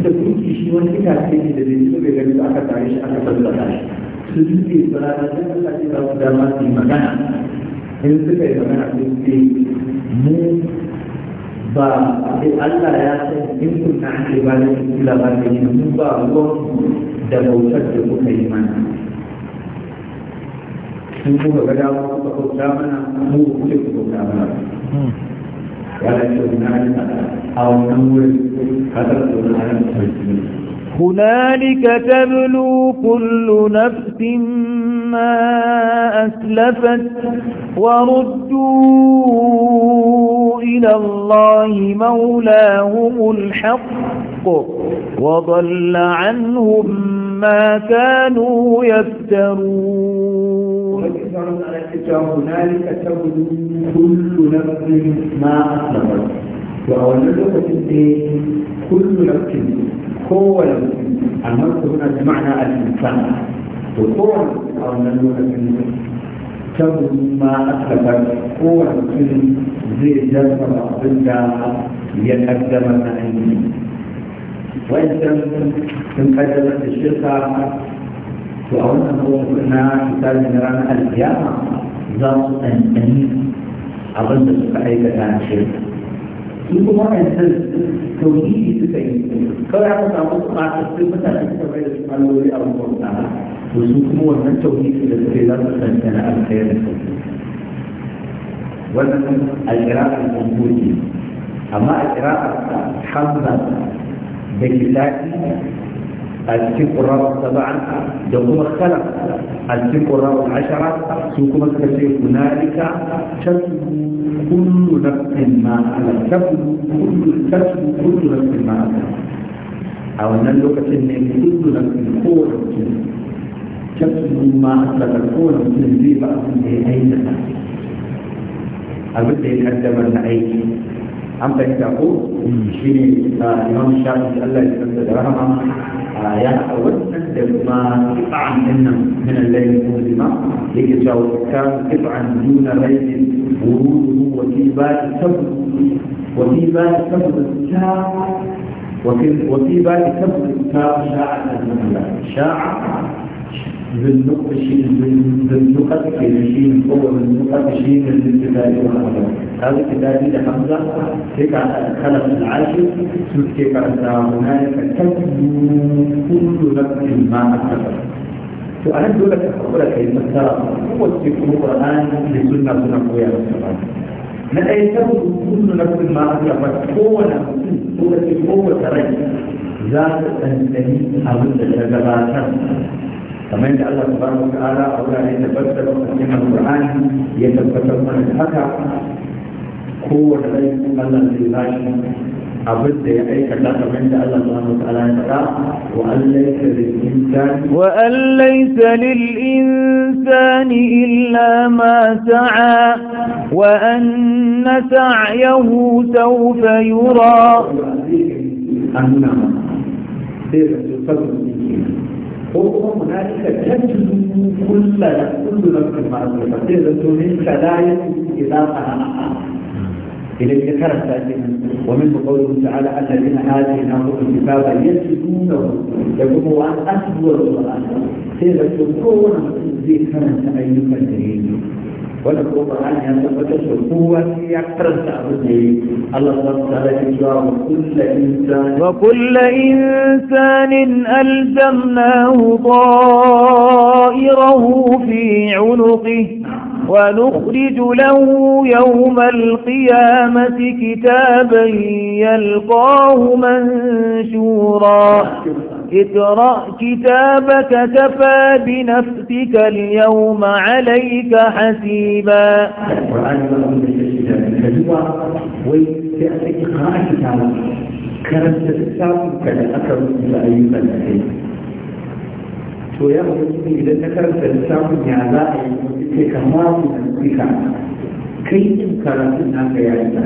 da kunki shi wani itace ne da bai zo bai gani aka tare shi aka sallata shi sendiri berada Allah di dalam dalam di makanan. Ini sekali makanan mesti mu ba Allah ya san in kun na ake ba da kula ba da yin mu ba ruwan da bautar da kuka yi mana. Sun kuma ga dawo kuka bauta mana mu kuka bauta mana. Ya lafiya na a wannan wurin kasar da wani alam sarki ne. هنالك تبلو كل نفس ما أسلفت وردوا إلى الله مولاهم الحق وضل عنهم ما كانوا يفترون هنالك تبلو كل نفس ما أسلفت الدين كل نفس القوة المرض هنا بمعنى الإنسان القوة أو المرض ثم أخذ قوة المسلم زي جلسة بعضها يتقدم من وإن لم تنقدم الشرطة فأولا هو هنا كتاب نيران القيامة ذات أن أمين أظن ان أيضا كان شرطة su kuma wa'ancan tauhidi suka yi kawai aka samu su a cikin mutane suka bai da su alloli a rukunta to su kuma wannan tauhidi da suke za su san tana alkhairar da wannan alƙira'ar kunkuri amma alƙira'ar hamza da kitabi الفقراء السبعة دوما خلق الفقراء العشرة سوكما كثير هنالك تبلو كل نفس ما تبلو كل تبلو كل نفس ما أو أن اللغة كل نفس كل تبلو ما أسلفت كل نفس ذي بأس أين أبدا يتقدم العيش an fahimta ko shi ne imam shafi Allah ya san da rahama ya haɗa wannan da kuma ƙifa'an dinnan min al-layl muslima yake cewa kan ƙifa'an duna raydin wuruduhu wa fi ba tabu wa fi ba tabu ta وفي وفي ذلك تبدو شاعة شاعة ذي النقط شين ذي النقط كذا شين فوق ذي هذا كتابي لحمزة هيك خلف العاشر شوف كيف هنالك هناك كل نفس ما أكثر فأنا دولة أقول لك إن ترى هو القرآن لسنة سنة قوية والسلام na ɗaya ta كل na ما ma aka ba kowane mutum ko da ke kowace rai za كما ان الله سبحانه وتعالى اولى ان من القران يتبسم من الحكى هو الذي قال للناس عبد يا أيها لا كما ان الله سبحانه وتعالى يتبسم وان ليس للانسان وان ليس للانسان الا ما سعى وان سعيه سوف يرى أنما سيرة الفضل وهو هنالك تجلو كل كل نفس مع الصفة تجلو من خلايا إضافة إلى ذكر الساكنة ومنه قوله تعالى الذين آتيناهم الكتاب يجدونه يقول وأن أتلو القرآن تجلو كون في كنز أيها الكريم wannan ko Qur'ani ya tabbatar da kowa sai ya karanta abin da yayi Allah subhanahu wa ta'ala ya ce wa kullu insani wa kullu insanin alzamnahu ta'irahu fi 'unuqihi ونخرج له يوم القيامة كتابا يلقاه منشورا اقرأ كتابك كفى بنفسك اليوم عليك حسيبا القرآن يقول اقرأ كتابك كرمت كتابك كان أكرمت أيها الأخير to ya mutum idan ta karanta lissafin ya za a yi mutum sai ka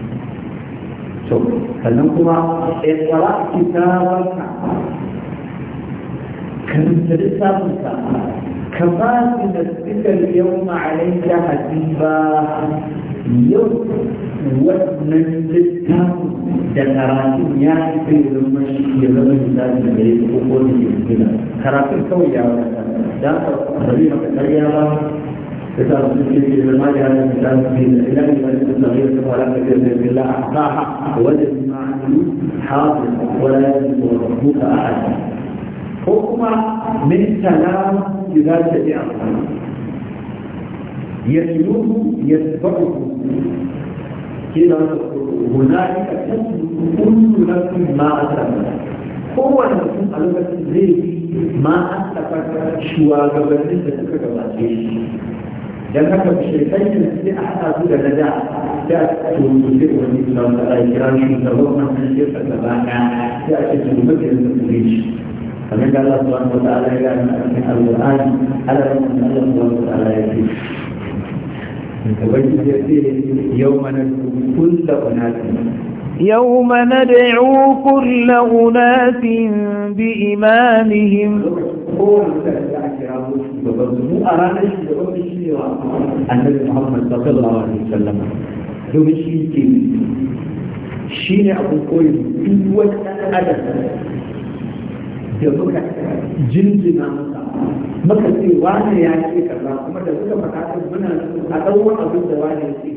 to sannan kuma ikra kitabanka karanta littafinka ka ba su da tsikar yau ma'alaita hasiba yau wannan littafin da karatu ya fi kai zama ya zama misali da ya ko ko da ke karatun kawai ya wata da aka rabi maka karya ba كتاب التوحيد لما جاء من كتاب التوحيد الى من التغيير كما لا تكذب بالله احقاها وجد ما عملوا حاضر ولا يجب ربك احد حكم من كلام اذا تبعه يتلوه يتبعه كذا هنالك تسلك كل نفس ما اسلمت kowane mutum a lokacin zai ma an taɓa shugabannin da suka gabace shi لأنك بشريكين نسلين حتى أقول لدى أحساس تنسلين ونسلين لهم تغير كرام شو تغير من تنسلين فتباكا أحساس تنسلين تنسلينش فمن قال الله سبحانه وتعالى إلى أن على من الله سبحانه وتعالى يكفيش يوم نكون كل أناس يوم ندعو كل أناس بإمامهم kowane mutane za a kira ko shugaban su mu a ranar shugaban su shi ne wa annabi muhammad sallallahu alaihi wasallam domin shi ke shi ne abin koyi duk wani ɗan adam da muka jinjina masa maka ce wane ya ce kaza kuma da suka faɗa ɗin muna a ɗauwan abin da wane ya ce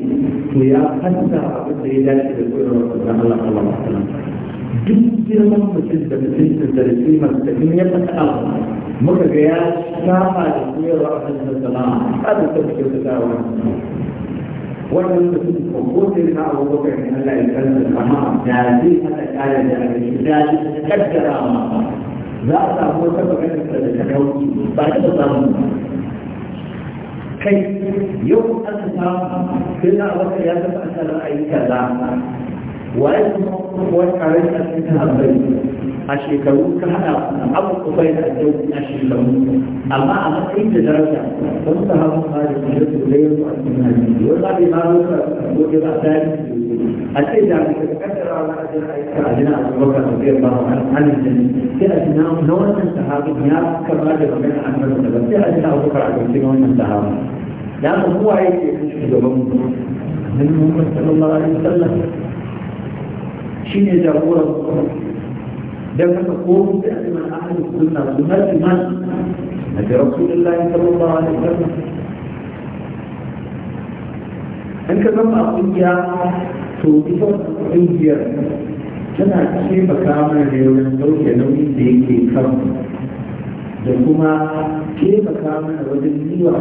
to ya fanta abin da ya dace da koyarwa, koyarwar Allah Allah Allah duk girman mutum da mutum da kimar da in ya faɗa abu muka ga ya saba da koyarwa a kan sallama a da ta cikin da dawo wannan mutum ko ko sai na abu ko kai Allah ya kanta amma da zai hada kare da shi da shi kaddara ma za a samu wata magana da ta kauci ba ta samu kai yau an samu sai na abu ya tafi a ra'ayi kaza وأنت واسعى لك منها البيت أشيكوك هذا أبو قبيل الجود أشيكوك أما أنا كيف درجة كنت هذا خارج من جسد ليل وأسمها الجود وضع بما وجب ذلك أشيء ذلك كثر على أجل أبو بكر رضي الله عنه عن الجنة سألنا نوع من صحابنا كما جرى من أحمد بن سألنا أبو بكر عن نوع من صحابنا لأنه هو عيش يكشف جبهه من محمد صلى الله عليه وسلم شنو يدور ده تقول تأتي من أحد السنة بمات من نبي رسول الله صلى الله عليه وسلم أنك لما أقول يا توقف أقول يا كان أكشي بكاما يرون دوك ينوي ديكي كم جمكما كي بكاما رجل ديوة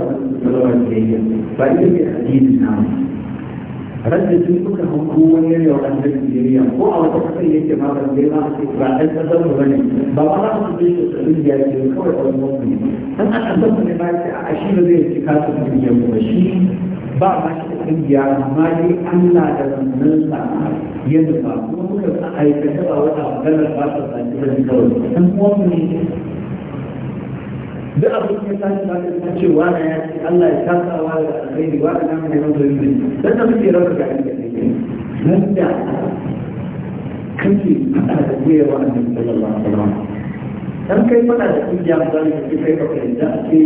صلى الله عليه وسلم فإذا بحديد نعم randa sun suka hanko wani yau an da Nigeria ko a wata kasar yake ma ban dai ma ce ba ɗan kasar mu bane ba ma za su je su tsarin da yake kawai a wani mutum dan an an san ne ba ce a shi ba zai ci kasu kungiyar mu ba shi ba ma shi da kungiya amma dai Allah da manzon sa ya nufa kuma muka aikata ba wata maganar ba ta sa kawai dan uwan mu ne duk abin da ya tashi ta ce wani ya ce Allah ya kasa wa da alkhairi wa da namu ne nan zai yi dan da muke rauka ga inda ne nan da kake fada da jiya wa annabi sallallahu alaihi wasallam dan kai fada da kungiya ba ne kake kai ka fahimta a ce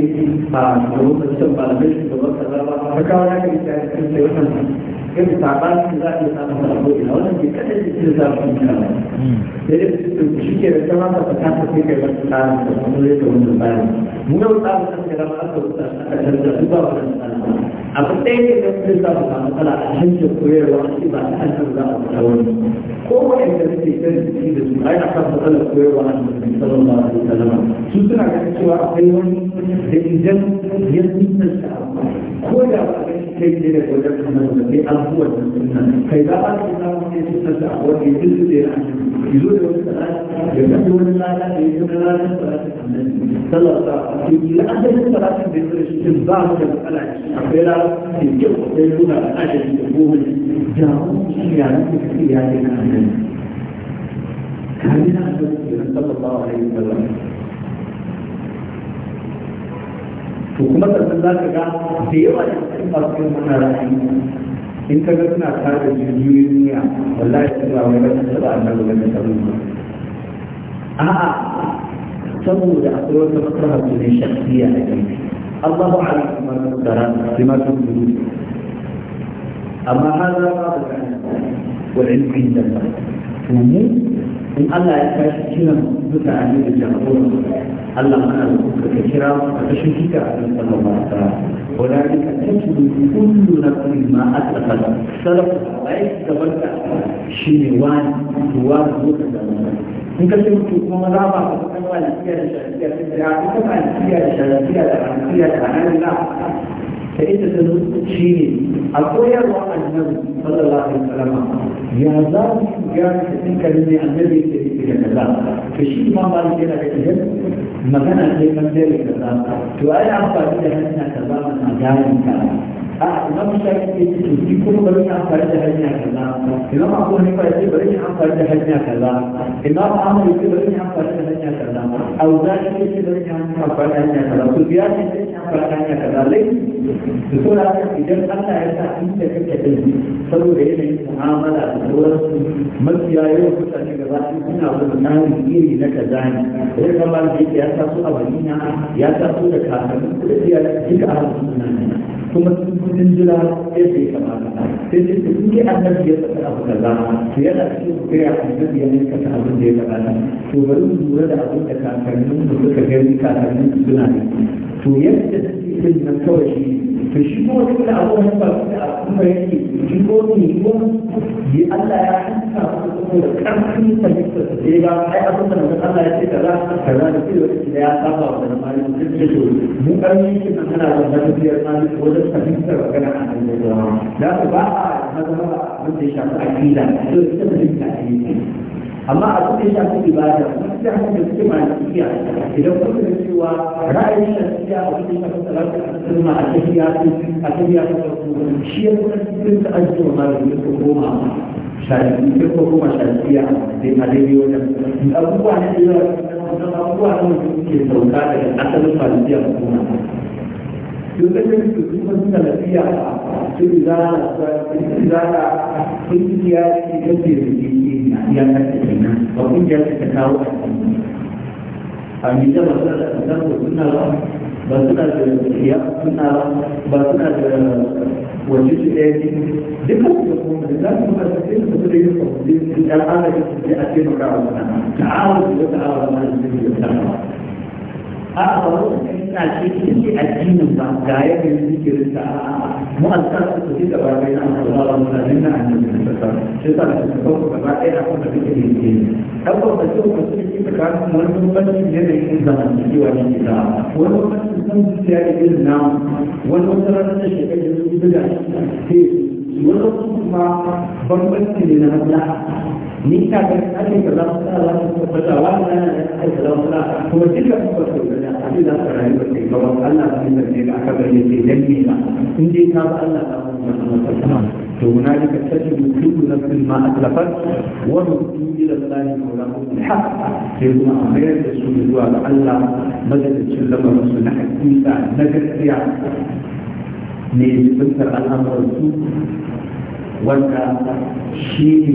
ba da wannan san ba da shi da wata ba ka kawo ka yi ta kan wannan gani sabanin da za a iya samun sabo ina wannan ke kada shi ka kuma koyarwa shi a fita wani ko wa'anda da su ai koyarwa su suna da da a kai ne da wajen da kai abubuwan da suna kai za a ce wani ne suna da abuwa ne duk su da yi zo da wani salati da kan wani lada da ya zama lada salatin su sallallahu alaihi wasallam da adadin salatin da ya zama shi ba mu da matsala akwai lada da kyau akwai nuna adadin da goma ne da mu shi ya nan kuka ya ne na annabi kamina annabi sallallahu alaihi to kuma sannan za ka ga da yawa da cikin masu yin wannan ra'ayi in ka ga suna tare da jirgin duniya wallahi su ba wai rasu saba annabi ga nasaru ba a'a saboda akwai wata maslaha su ne shakhsiya a gefe Allahu a'lam kuma tsara lima tudu amma hada ba da wal ilmi inda Allah to mu in Allah ya tashi kiran mutane da jagoran Allah mana da kuka ka kira ka kashe kika a kan sallallahu alaihi wasallam wala ka tashi kullu nafsin ma asafat salaf ai gabarta shine wani duwa da kuka da in ka ce mutu kuma za ba ka kan wani kiyar da shari'a da shari'a da shari'a da shari'a da shari'a da shari'a da da ita ta shi ne a koyarwa annabi sallallahu alaihi wasallam ya za mu gane cikin kalmi annabi ke yi da kaza to shi ma ba shi yana da idan magana ce kan da kaza to ai amfani da hanya kaza na gane ka a ah, imam shafi ne ce ni kuma bari ni amfani da hanya kaza imam abu hanifa ya ce bari ni amfani da hanya kaza imam ahmad ya ce bari ni amfani da hanya kaza auza'i ne ce bari ni amfani da hanya kaza su biya ne ce amfani da hanya kaza lai su so da haka idan Allah ya sa inda kake da shi saboda yanayin mu'amala da sauransu mafiya yawan mutane za ɗaya suna wani iri na kaza ne sai kamar da yake ya sa su a na? ya sa su da kakannin kuɗi ya duka a hannun kuma sun kudin jira ya ce kama da sai ce su kuke annabi ya faɗa abu kaza to yana cikin ku kai annabi ya aikata abin da ya faɗa to bari mu lura da abin da kakannin mu suka gani kakannin su suna da to yadda suke yin nan kawai shi to shi kuma duk da abubuwan ba su da al'umma yake jikoki ko yi Allah ya hanta su da ƙarfin halitta su je ba ai abin da mutum Allah ya ce kaza kaza da ke da ya saba wa da mali duk da to mu ƙarfin shi kan tana da lafiyar mali wajen fahimtar magana a nan da yawa da ba a mazaba abin da ya shafi aƙida to ita da duka aƙida amma a kuɗin da shi ibada kuma da shi da suke malikiya idan kuka da cewa ra'ayin shafiya a kuɗin da kuka lafiya a cikin ma a tafiya a tafiya ta shi ya kuma cikin da an ce wa malami ko goma ko goma da a daidai wajen abubuwa na iya abubuwa ne wanda suke sauka daga asalin malikiya ko goma domin da su kuma suna lafiya sun zana sun zana kungiya ce ta ce da ya kace kenan ba kungiya ce ta kawo a cikin a mi da masu da kasar da suna ba ba suna da ya suna ba ba suna da wace su ɗaya ne dukkan su da kuma da za su ba su sai su da yin kwamfani da ɗan ana da su a taimaka wa suna ta'awar da ta'awar ma da su da ta'awar a a wani ina ce ita addinin ba ga yadda yin zikirin ta mu an sa su su da ba kai na Allah mutane na annabi da ta sai ta su ko ko ba kai da kuma da kike yi dan ko da su ko su ki ta kan wani bambanci ne da yin zaman cewa ne da wani bambanci san zuciya da irin na wani wata da shi kai da zuciya da sai wani kuma bambanci ne na Allah ni ka ga ake kaza matsala za su tabbata wannan ana ake kaza matsala kuma duka kuma su da abin da aka rayu da ba Allah ba ne da ne aka bari ne dan ne ba in dai ka ba Allah ba mu matsala to hunalika tajidu kullu nafsin ma atlafat wa nusibu ila Allah mawlahu alhaq sai kuma a mayar da su zuwa ga Allah madadin lamarin su na hakika na gaskiya ne jibintar al'amuran su wanda shi ne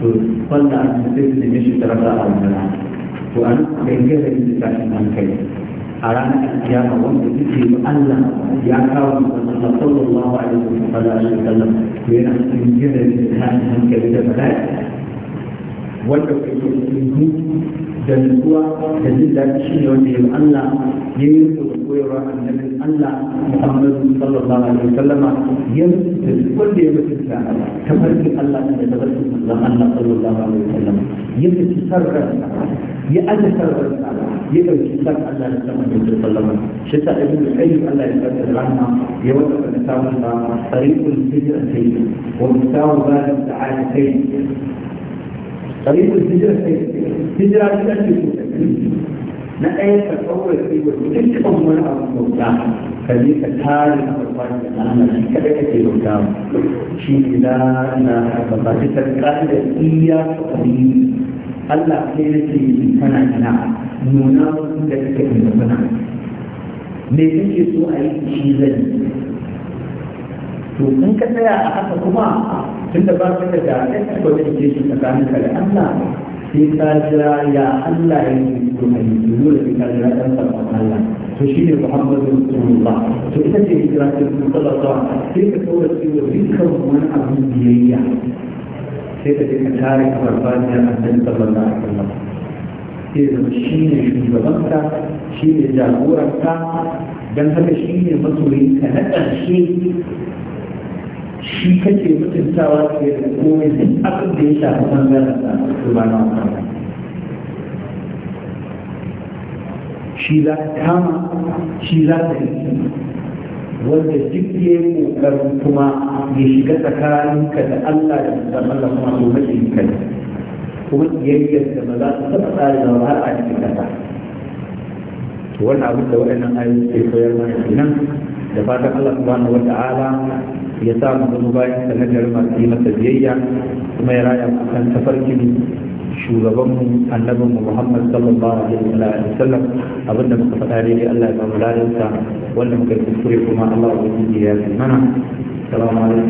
to wanda an sai su nemi shi tarasa a rana to an gangare da tashin hankali a ranar kiyama wanda suke yi Allah ya kawo musamman sallallahu alaihi wa sallallahu alaihi wa sallam yana cikin jiran da tashin hankali da bala'i wanda ke cikin da nutsuwa da jin daɗi shi ne wanda ya Allah ya yi koyarwa annabin Allah Muhammadu sallallahu alaihi wasallam yanzu duk wanda ya mutunta tafarkin Allah da tafarkin manzon Allah sallallahu alaihi wasallam ya tafi sarrafa ya aje sarrafa ya dauki san Allah da sama da sallama shi ta ibn Allah ya tsare rahma ya da samun da tariqul hijratayn wa musawaba ta'alatayn tariqul hijra na ɗaya ka tsawar sai wa dukkan wani abu bauta ka je ka tare na farfaɗi da Allah shi kada kake bauta shi ne da na ba ta ta ƙa'idar iya tsari Allah sai ya ce kana ina nuna wani da kake da kuna me kake so a yi shi zai to in ka tsaya a haka kuma tunda ba ka da ɗan tsakanin ka da Allah sai ta jira ya Allah ya yi kuma yi dole sai ka jira ɗan sabon Allah to shi ne Muhammadu Rasulullah to ita ce hijira ta Rasulullah sai ka kaura cewa dukkan wani abin biyayya sai ka je ka a farfajiyar Annabi da alaihi wasallam sai zama shi ne shugaban shugabanka shi ne jagoranka dan haka shi ne masoyinka na ƙarshe shi kake mutuntawa ke da komai duk abin da ya shafi bangaren sa su ba na wasa shi za ta kama shi za ta yi wanda duk ya yi kokarin kuma ya shiga ka da Allah da zama Allah kuma to mace yi kai kuma kiyayyar da ba za su taɓa tsari da har a cikin kasa wannan abin da waɗannan ayoyi ke koyar mana kenan da fatan Allah subhanahu wa ta'ala ya sa mu zama bayan sanadar masu yi masa biyayya kuma ya raya kan tafarkin annabin mu muhammad sallallahu alaihi wa sallam abinda muka faɗa dai Allah ya ba mu ladansa wanda muka yi kuskure kuma Allah ya yi ya mana salamu alaikum